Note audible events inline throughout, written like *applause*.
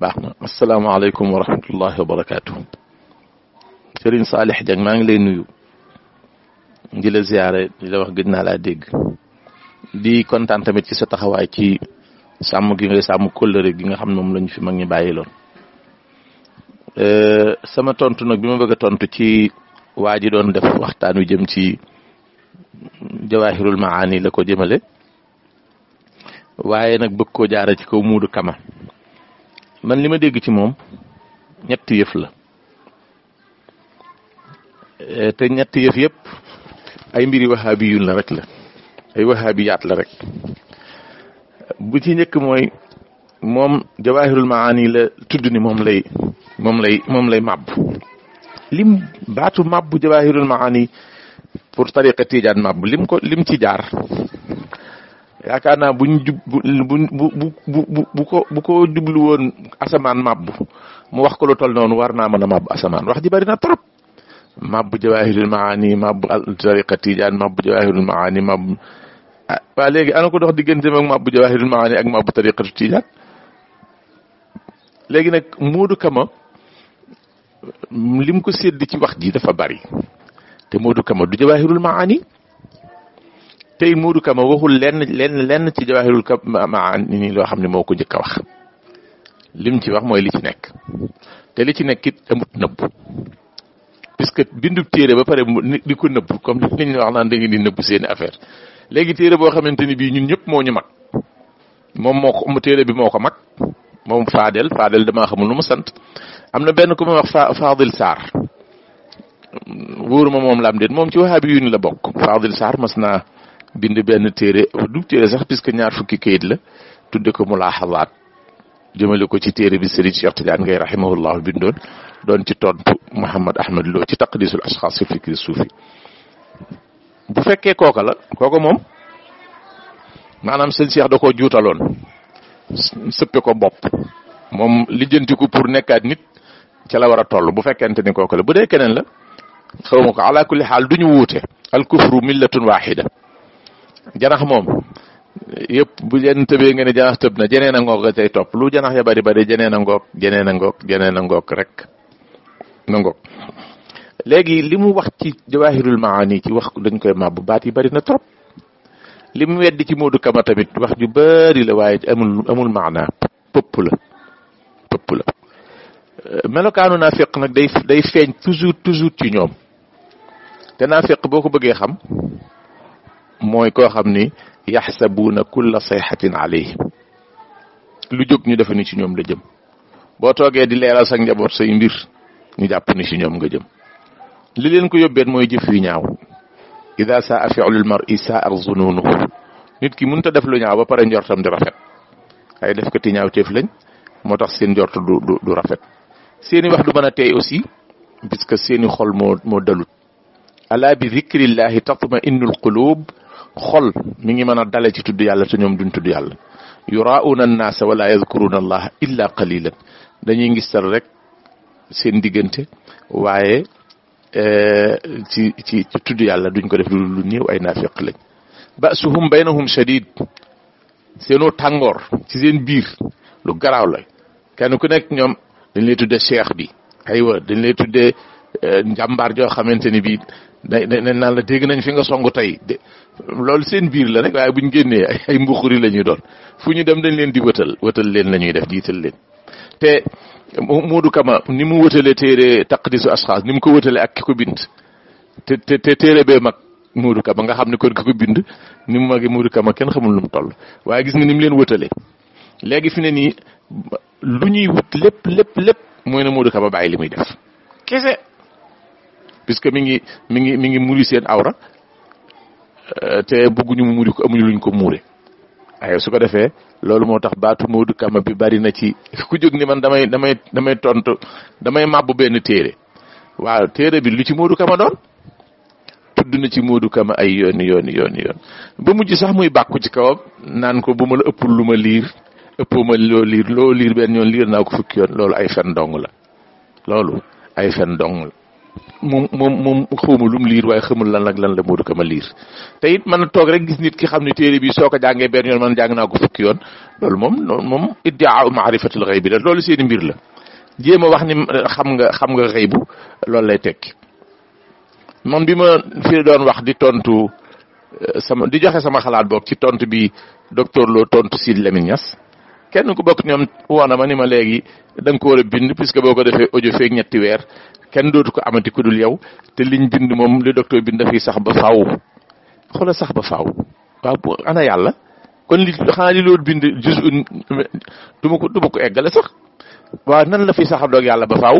baax na asalaamaaleykum wa rahmatullahi wa barakaatu. Serigne Salih Dieng maa ngi lay nuyu. di la ziare di la wax gëj naa laa dégg. di kontaan tamit ci sa taxawaay ci sàmm gi nga sàmm kóllëre gi nga xam ne moom lañu fi mag ñi bàyyi loon. Euh, sama tontu nag bi ma bëgg tontu ci waa ji doon def waxtaan wi jëm ci jawaahirul maani la ko jëmale. waaye nag bëgg koo jaara ci kaw muudu kama. man li ma dégg ci moom ñett yëf la eh, te ñett yëf yëpp ay mbiri waxaabi yun rek la ay waxaabi yaat la rek bu ci njëkk mooy moom jawaahirul maani la tudd ni moom lay moom lay moom lay màbb lim baatu màbb jawaahirul maani pour tariqa tijaan màbb lim ko lim ci jaar yaakaar naa buñ jub bu bu bu bu bu ko bu ko jublu woon asamaan mabbu mu wax ko lu tol noonu war naa mën a màbb asamaan wax ji bari na trop mabbu jawahirul maani al tariqati tijaan mabbu jawahirul maani mab waa léegi ana ko dox diggante ak mabbu jawahirul maani ak mabbu tariqatu tijaan léegi nag moodu kama lim ko sédd ci wax ji dafa bari te moodu kama du jawahirul maani Teymuudu Kama waxul lenn lenn lenn ci jawaahirul kab maa ni loo xam ne moo ko njëkk a wax lim ci wax mooy li ci nekk te li ci nekk it amut nëbb puisque bindub téere ba pare di ko nëbb comme li ñu wax naan da ngeen di nëbb seen affaire léegi téere boo xamante ni bii ñun ñëpp moo ñu mag moom moo ko téere bi moo ko mag moom Fadel Fadel damaa xamul nu mu sant am na benn ku ma wax Fa Fadil Sarr wóoruma moom laam déet moom ci waxaabi yu ni la bokk Fadil Sarr mas naa. bind benn téere du téere sax puisque ñaar fukki kayit la tudd ko mulaaxabaat jëmale ko ci téere bi Serigne Cheikh Tidiane Gaye rahimahullahu bindoon doon ci tontu Mouhamed Ahmed Lo ci taqdisul ashxaas fi fikri suufi bu fekkee kooka la kooka moom maanaam sëñ Cheikh da koo juutaloon sëppe ko bopp moom lijjantiku pour nekkaat nit ca la war a toll bu fekkente ni kooka la bu dee keneen la xaw ma ko ala xaal du ñu wuute al kufru millatun waahida janax moom yëpp bu leen tëbee nga ne janax tëb na jeneen a ngoog la cay topp lu janax ya bari bari jeneen a ngoog jeneen a ngoog jeneen ngoog rek na ngoog léegi li mu wax ci jawahirul maani ci wax dañ koy màbbu baat yi bari na trop li mu weddi ci Modou Kama tamit wax ju bari la waaye amul amul maana pëpp la pëpp la melokaanu naafiq nag day day feeñ toujours toujours ci ñoom te naafiq boo ko bëggee xam mooy koo xam ni yaxsabuuna kulla sayxatin alayhi lu jóg ñu defe ni ci ñoom la jëm boo toogee di leeral sa njaboot say mbir ñu jàpp ni ci ñoom nga jëm li leen ko yóbbeen mooy jëf yu ñaaw ida saa fi'lul mar'i saa ar zununuhu nit ki mënta def lu ñaaw ba pare njortam di rafet ay def ko ti teef lañ moo seen njort du du du rafet seeni wax du mën a aussi puisque seeni xol moo moo dalut ala bi dhikrillahi tatma qulub xol mi ngi mën a dala ci tudd yàlla te ñoom duñ tudd yàlla yurauna annaasa wala yadkuruna allaha illa qalilan dañuy ngistal rek seen diggante waaye eh, ci ci tudd yàlla duñ ko def lu néew ay naafiq lañ basuhum baynahum shadid seenoo tàngoor ci seen biir lu garaaw la kenn ku nekk ñoom dañ lay tudde cheikh bi aywa dañ lay tudde eh, njàmbaar joo xamante ni bii da naan la dégg nañ fi nga song tey loolu seen biir la rek waaye buñ génnee ay mbuxuri la ñuy doon fu ñu dem dañ leen di wëtal wëtal leen la ñuy def jiital leen te Moodu Kama ni mu wëtalee téere taqdisu asxaas ni mu ko wëtalee ak ki ko bind te te te téere bee mag Moodu Kama nga xam ne kon ki ko bind ni mu magi Moodu Kama kenn xamul lu mu toll waaye gis nga ni mu leen wëtalee léegi fi ne nii lu ñuy wut lépp lépp lépp mooy na Moodu Kama bàyyi li muy def kese puisque mi ngi mi ngi mi ngi muri seen awra Euh, te bëgguñu mu muuri ko amuñu luñ ko muure waaye su ko defee loolu moo tax baatu Modou Kama bi bari na ci *laughs* ku jóg ni man damay damay damay tontu damay màbbu benn téere waaw téere bi lu ci Modou Kama doon tudd na ci Modou Kama ay yoon yooni yooni yoon ba mujj sax muy bàkku ci kawam naan ko bu ma la ëppul lu ma liir ëppoo ma loo liir loo liir benn yoon liir naa ko fukki yoon loolu ay fen dong la loolu ay fen dong la moom moom moom xawma lu mu liir waaye xamul lan ak lan la Modou ma liir te it mën a toog rek gis nit ki xam ne téere bi soo ko jàngee benn yoon man jàng naa ko fukki yoon loolu moom loolu moom iddia maarifatul xëy bi la loolu seen mbir la jéem a wax ni xam nga xam nga xëy bu loolu lay tekki man bi ma fi doon wax di tontu eh, sama di joxe sama xalaat boog ci tontu bi docteur Lo tontu Sidy Lamine Niass kenn ku bokk ñoom woo na ma ni ma léegi da nga ko war a bind puisque boo ko defee ojo feeg ñetti weer kenn dootu ko amati ku dul yow te liñ bind moom li docteur bind dafay sax ba faaw xoola sax ba faaw waaw ana yàlla kon li xanaa li bind jus un ko du ko eggale sax waaw nan la fi sax doog yàlla ba faaw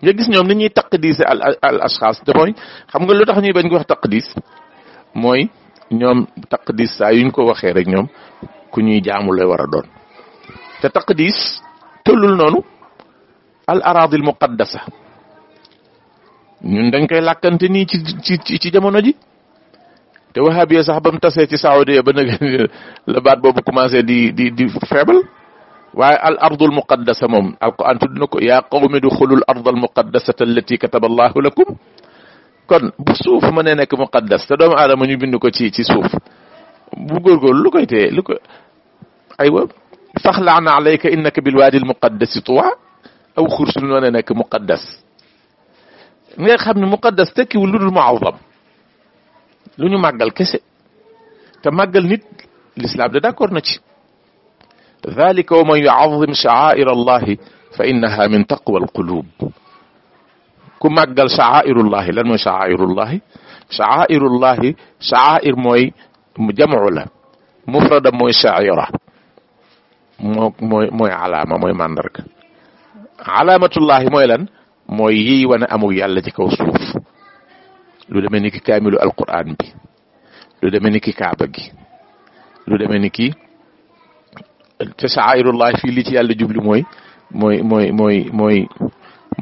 nga gis ñoom ni ñuy taqdiise al al asxaas te mooy xam nga lu tax ñuy bañ ko wax taqdiis mooy ñoom taqdiis saa yuñ ko waxee rek ñoom ku ñuy jaamu lay war a doon te taqdis tollul noonu al aradi al muqaddasa ñun dañ koy làkkante nii ci ci ci jamono ji te wahabiya sax ba mu tasee ci saoudia ba nag la baat boobu commencé di di di faible waaye al ardu al muqaddasa moom alquran tudd na ko yaa qawmi duxulu al ard al muqaddasata allati kataba allahu lakum kon bu suuf mënee nekk muqaddas te doomu aadama ñu bind ko ci ci suuf bu góorgóorlu lu koy tee lu ko أيوة فخلعنا عليك إنك بالوادي المقدس طوع أو xursul mën a nekk muqaddas nga xam ne muqaddas tekkiwul lu dul muawdam lu ñu màggal kese te màggal ذلك ومن يعظم شعائر الله فإنها من تقوى القلوب كم قال شعائر الله لن مو شعائر الله شعائر الله شعائر موي جمع له مفرد موي شعيرة moo mooy mooy alaama mooy màndarga alaamatullahi mooy lan mooy yiy wane amul yàlla ci kaw suuf lu demee ni ki kaamilu alquran bi lu demee ni ki kaaba gi lu demee ni ki te saairullahi fii li ci yàlla jublu mooy mooy mooy mooy mooy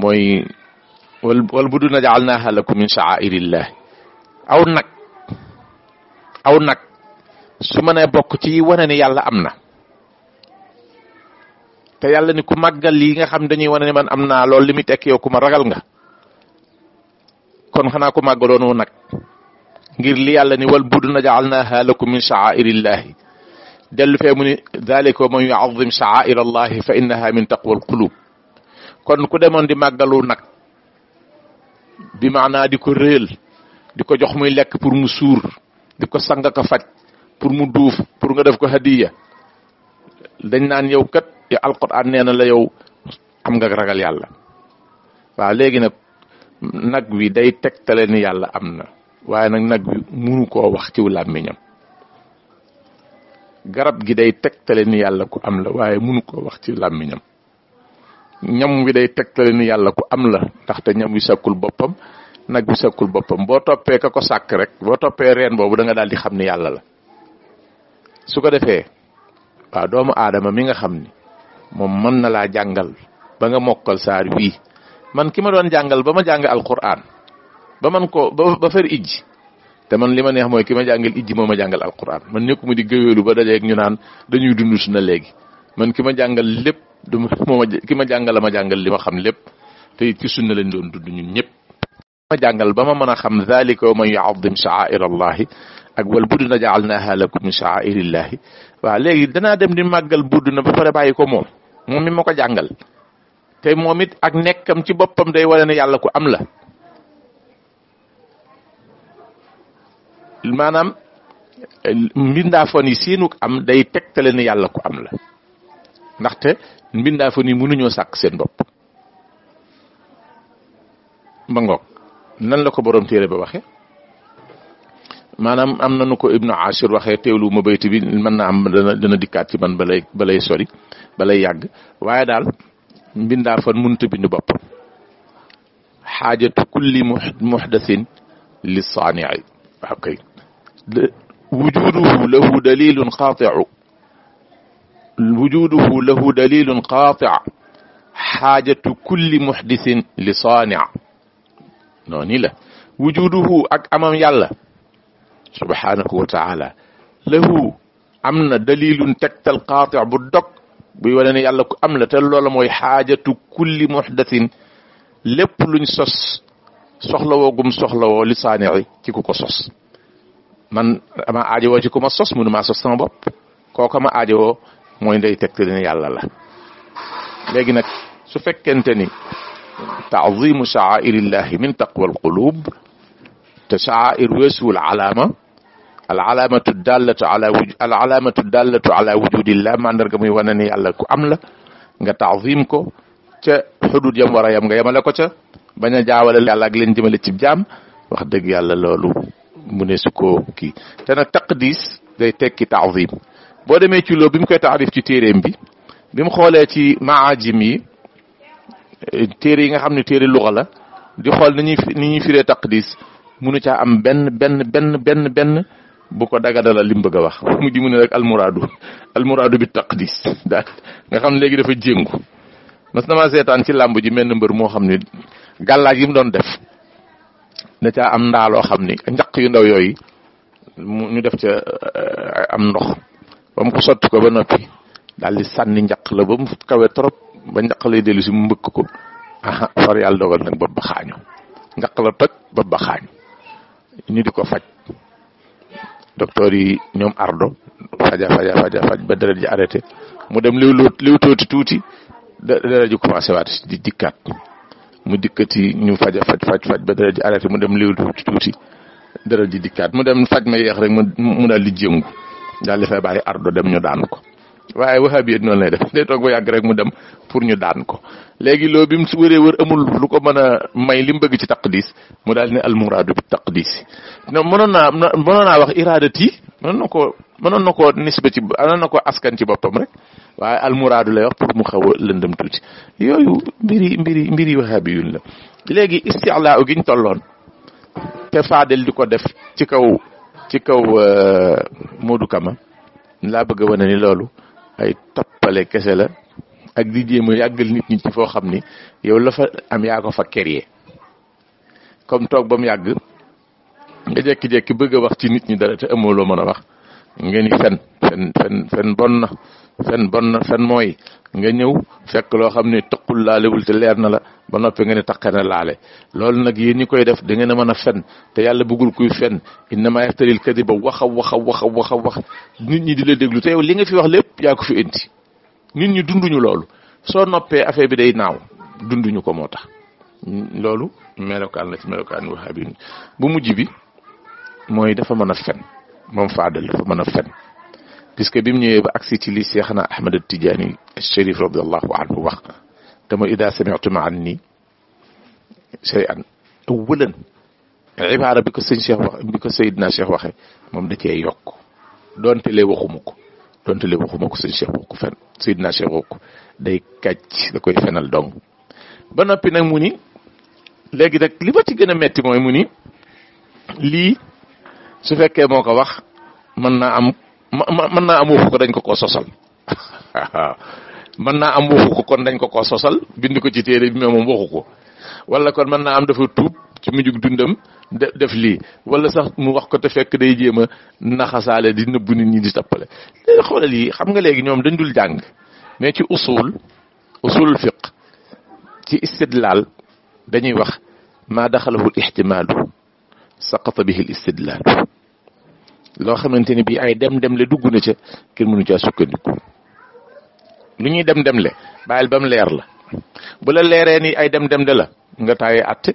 mooy wal wal buduna jaalnaha lakum min saa'irillah aw nag aw nag su ma nee bokk ci wane ne yàlla am na te yàlla ni ku màggal li nga xam dañuy wone ni man amna lol limi tek yow kuma ragal nga kon xanaa ku màggaloonoo nak ngir li yàlla ni wal budu naj'alnaha lakum min sha'airillah dellu fe mu ni dalika man yu'azzim sha'air fa innaha min taqwal qulub kon ku demon di màggalu nak bi maana di ko réel di ko jox muy lek pour mu sour di ko sang ka faj pour mu douf pour nga def ko hadiya dañ nan yow kat ya alquran nee na la yow am nga ragal yalla wa legi nak nag wi day tegtale ni yalla amna waye nak nag wi munu ko wax ci garab gi day tegtale ni yalla ku am la waye munu ko wax ci lamiñam ñam wi day ni yalla ku am la ndaxte ñam wi sakul bopam nag wi sakul bopam bo topé ka ko sàkk rek bo topé reen bobu da nga daldi xamni yalla la su ko defé wa doomu adama mi nga xamni moom man na laa jàngal ba nga mokkal saar wii man ki ma doon jàngal ba ma jàng alquran ba man ko ba fer ijji te man li ma neex mooy ki ma jàngal ijji moo ma jàngal alquran man nekkuma di gëweelu ba dajeeg ñu naan dañuy dund sunna léegi man ki ma jàngal lépp du moo ma ki ma jàngal la ma jàngal li ma xam lépp te it ci sunna lañ doon dund ñun ñëpp ma jàngal ba ma mën a xam dhalika wa man yuazim sha'air allahi ak wal buduna jaalnaha lakum min sha'airillahi waaw léegi danaa dem di màggal buduna ba pare bàyyi ko moom moom mi ma ko jàngal te moom it ak nekkam ci boppam day wane ne yàlla ku am la maanaam mbindaafoon yi seenuk am day tegtale ne yàlla ku am la ndaxte ni mu yi mënuñoo sàkk seen bopp ba ngoog nan la ko boroom téere ba waxe maanaam am na nu ko ibnu ashir waxe teewlu ma bayti bi mën na am dana dana dikkaat ci man balay balay sori balay yàgg waaye daal mbindaa fan mënut a bind bopp xaajatu kulli muxdasin li saanici waaw kay wujuduhu lahu dalilun qaatiu wujuduhu lahu dalilun qaatic xaajatu kulli muxdisin li saanic noonu la wujuduhu ak amam yàlla subhanahu wa taala lahu am na dalilun tegtal qaatic bu dog buy wane ne yàlla ko am la te loola mooy xaajatu kulli muxdathin lépp luñ sos soxlawoo gum soxlawoo li saanixi ci ku ko sos man ama aajowoo ci ku ma sos mënu maa sos sama bopp kooka ma aajowoo mooy ndey tegtali ne yàlla la léegi nag su fekkente ni taazimu shaairillahi min taqwa alqulub te shaair weesuwul alaama العلامة الدالة على العلامة الدالة على وجود الله ما نرجع مي وانني الله كأملا نعت تعظيمكو ت حدود يوم ورا يوم جاي ملكو ت بنا جاول الله جلنت ملك جام وخدك يا الله لولو منسكو كي تنا تقدس ذي تك تعظيم بعد ما تقول بيم كي تعرف تيرين بي بيم خالتي مع جمي تيرين هم نتير اللغة لا دي خال نيني نيني منو تا أم بن بن بن بن بن bu ko dagadalal lim bëgg wax *laughs* mu ji mu ne rek al muradu bi taqdis *laughs* daal nga xam legi dafa jengu mas ma setan ci lamb ji menn mbeur mo xamni ne gàllaaj mu doon def na ca am nda lo xamni njaq yu ndaw yoy ñu def ca eh, am ndox bam mu ko sotti ko ba nopi dal di sànni njaq la bam kawé trop ba njaq lay delu ci mbeuk ko aha far yalla dogal nak ba ba xaañu la toj ba ba di ko docteur yi ñoom ardo faja faja faja faj ba deret ji arrêté mu dem liw liw tooti tuuti deret ji commencé waat di dikkaat mu dikkati ñu faja faj faj faj ba deret ji arrêté mu dem liw tooti tuuti deret ji dikkaat mu dem faj ma yeex rek mu mu daal di jëngu daal di fay bàyyi ardo dem ñu daan ko waaye wahabi it noonu lay def day toog ba yàgg rek mu dem pour ñu daan ko léegi loo bi mu wëree wër amul lu ko mën a may li mu bëgg ci taqdis mu daal ne almuraadu bi taqdis non mënoon naa mënoon naa wax iraadati mënoon na koo mënoon na koo nisba ci mënoon na koo askan ci boppam rek waaye almuraadu lay wax pour mu xaw a lëndëm tuuti yooyu mbiri mbiri mbiri wahabi yun la léegi istilaa giñ tolloon te Fadel di ko def ci kaw ci kaw euh, Modou Kama laa bëgg a wane ni loolu ay tappale kese la ak di jéem a yàggal nit ñi ci foo xam ni yow la fa am yaa ko fa créé comme toog ba mu yàgg nga jékki-jékki bëgg a wax ci nit ñi dara te amoo loo mën a wax ngeen di fen fen fen fen bon na fen bon na fen mooy nga ñëw fekk loo xam ne taqul laalewul te leer na la ba noppee nga ne taqe na laale loolu nag yéen ñi koy def da ngeen mën a fen te yàlla bëggul kuy fen innama yaftaril kadiba wax a wax a wax nit ñi di la déglu te li nga fi wax lépp yaa fi indi nit ñi dunduñu loolu soo noppee affaire bi day naaw dunduñu ko moo tax loolu melokaan la ci melokaan waxaab bu mujj bi mooy dafa mën a fen moom faadal dafa mën a fen puisque bi mu ñëwee ba agsi ci li Cheikhna Ahmad Tijaani Chérif radiallahu anhu wax te mooy ida sami'tum anni shay'an awwalan ibaara bi ko sëñ Cheikh wax bi ko Seydina Cheikh waxee moom da ce yokk donte lee waxuma ko donte lee waxuma ko sëñ Cheikh wax ko fen day kàcc da koy fenal dong ba noppi nag mu ni léegi li ma ci gën metti mooy mu ni lii su fekkee moo wax mën naa am ma ma mën naa am waxu ko dañ ko koo sosal waaw mën naa am waxu ko kon dañ ko ko sosal bind ko ci téere bi mais moom waxu ko wala kon mën naa am dafa tuub ci mujjug dundam def lii wala sax mu wax ko te fekk day jéem a naxasaale di nëbbu nit ñi di tappale léegi eh, xoolal yi xam nga léegi ñoom dañ dul jàng mais ci usul usulul fiq ci istidlaal dañuy wax maa daxalahu l ixtimaalu saqata bihi l istidlaalu loo xamante ni bii ay dem-dem le dugg na ca kenn mënu caa sukkandiku lu ñuy dem-dem le bàyyil ba mu leer la bala la leeree ni ay dem-dem la nga taayee atte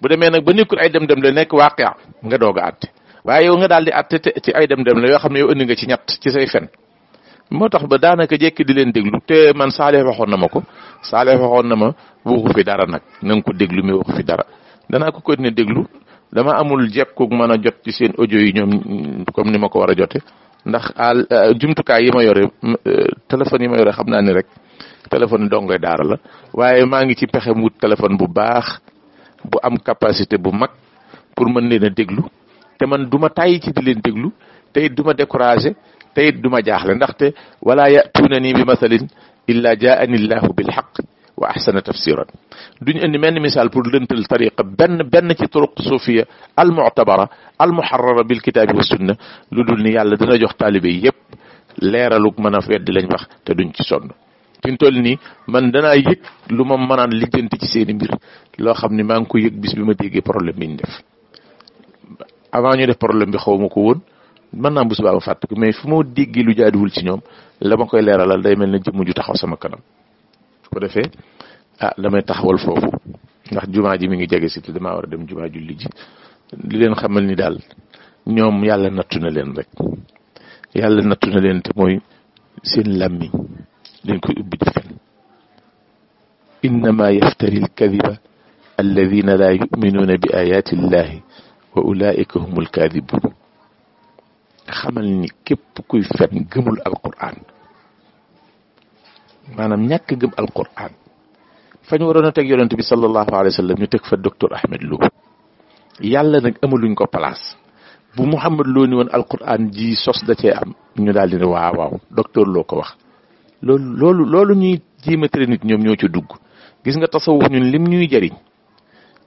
bu demee nag ba nekkul ay dem-dem le nekk waaqia nga doog a atte waaye yow nga daal di atte ci ay dem-dem la yoo xam ne yow indi nga ci ñett ci say fen moo tax ba daanaka jekki di leen déglu te man saale waxoon na ma ko saale waxoon na ma fi dara nag na ko déglu mais waxu fi dara danaa ko continuer déglu dama amul jekkuk mën a jot ci seen audio yi ñom comme ni ma ko war jote ndax al jumtukaay yi ma yore téléphone yi ma yore xamna ni rek téléphone dongoy dara la waye ma ngi ci pexe mu téléphone bu baax bu am capacité bu mag pour mën leena déglu te man duma tay ci di leen déglu te it duma décourager te it duma ndax té wala ya tunani bi masalin illa jaani llahu bil haqq واحسن تفسيرا دون اني ماني مثال بور لنتل طريقه بن بن تي طرق الصوفيه المعتبره المحرره بالكتاب والسنه لودول ني يالا دنا جوخ طالبي ييب ليرالوك مانا فيد لاني واخ تا دون تي سون تين تولني من دنا ييك لوما مانان ليجنتي سي سيني مير لو خامني مانكو ييك بيس بيما ديغي بروبليم مين ديف avant ñu def problème bi xawmako woon man naam bu subaaba fàttiku mais fu ma déggee lu jaaduwul ci ñoom la ma koy leeralal day mel ne jëmm ju taxaw sama kanam ko defee ah damay taxawal foofu ndax jumaa ji mi ngi jege si te damaa war a dem jumaa julli ji li leen xamal ni daal ñoom yàlla nattu na leen rek yàlla nattu na leen te mooy seen làmmiñ dañ koy ubbi di fen innama yaftari alkadiba alladina la yuminuuna bi ayati illahi wa ulaika hum alkadibun xamal ni képp kuy fen gëmul alquran maanaam ñàkk gëm alquran fa ñu waroon a teg yonent bi sallallahu alayhi wa sallam ñu teg fa docteur Ahmed Lo yàlla nag luñ ko place bu Mouhamed Lo ni woon alquran ji sos da cee am ñu daal di ne waaw waaw docteur ko wax loolu loolu loolu ñuy jéem a tere nit ñoom ñoo ci dugg gis nga tasawuf ñu lim ñuy jëriñ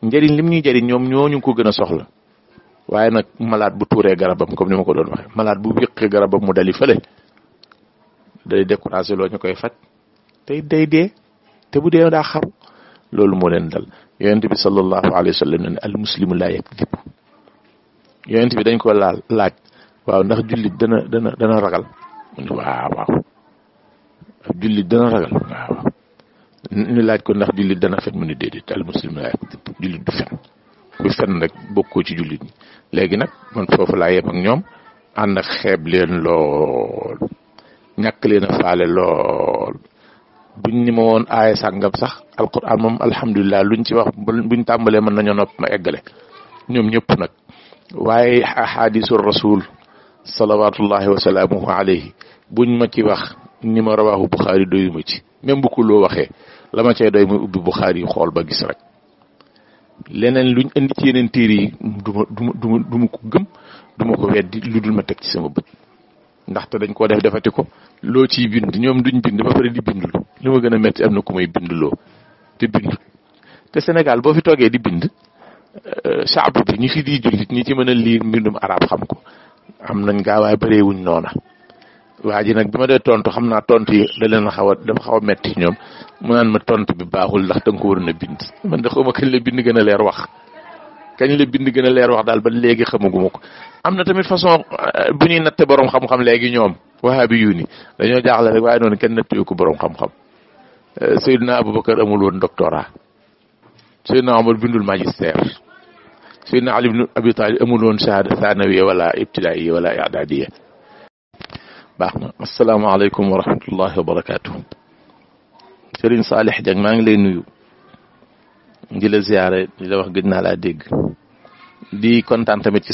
njëriñ lim ñuy jëriñ ñoom ñoo ñooñu ko gën a soxla waaye nag malaat bu tuuree garabam comme ni ma ko doon waxee malade bu wéqee garabam mu dali fële day découragé loo ñu koy faj te bu dee daa xaru loolu moo leen dal yonent bi sallallahu alayhi wa bi dañ ko laal laaj waaw ndax jullit dana dana dana ragal waaw waaw ab jullit dana ragal waaw laaj ko ndax jullit dana fen mu ne déedéet al muslimu laa yakdib jullit du fen ku fen rek bokkoo ci jullit léegi nag man foofu laa yem ak ñoom ànd ak xeeb leen lool ñàkk leen a faale lool buñ ni ma woon aaya sàngam sax alquran moom alhamdulilah luñ ci wax bu ñu tàmbalee mën nañoo nopp ma eggale ñoom ñëpp nag waaye ahadisu rasul salawatullahi wa salaamuhu alayhi buñ ma ci wax ni ma rawahu buxaari doyu ci même bu loo waxee la ma cay doy muy ubbi buxaari yi xool ba gis rek leneen luñ indi ci yeneen téere yi du ma du ma du ma du ma ko gëm du ma ko weddi lu dul ma teg ci sama bët ndaxte dañ koo def defati ko loo ciy bind ñoom duñ bind ba pare di bind li ma gën a metti am na ku may loo te bindul te Sénégal boo fi toogee di bind euh, saabu bi ñi fi di jullit ñi ci mën a liir mbindum araab xam ko am nañ gaa waaye bëree wuñ noona waa ji nag bi ma dee tontu xam naa tont yi da leen xaw a dafa xaw a métti ñoom mu naan ma tontu bi baaxul ndax da ko waroon a bind man de xaw kañ la bind gën a leer wax. كاني لي بيند غينا لير واخ دال با ليغي خماغوموكو امنا تاميت فاصون بوني نات بروم خام خام ليغي نيوم وهابي يوني دا نيو جاخلا ريك واي نون كين ناتيو كو بروم خام خام سيدنا ابو بكر امول وون دكتورا سيدنا عمر بندول ماجستير سيدنا علي بن ابي طالب امول وون شهاده ثانويه ولا ابتدائيه ولا اعداديه باخنا السلام عليكم ورحمه الله وبركاته سيرين صالح جاك ماغي لي نويو di la ziare la wax gëj naa laa dégg di kontaan tamit ci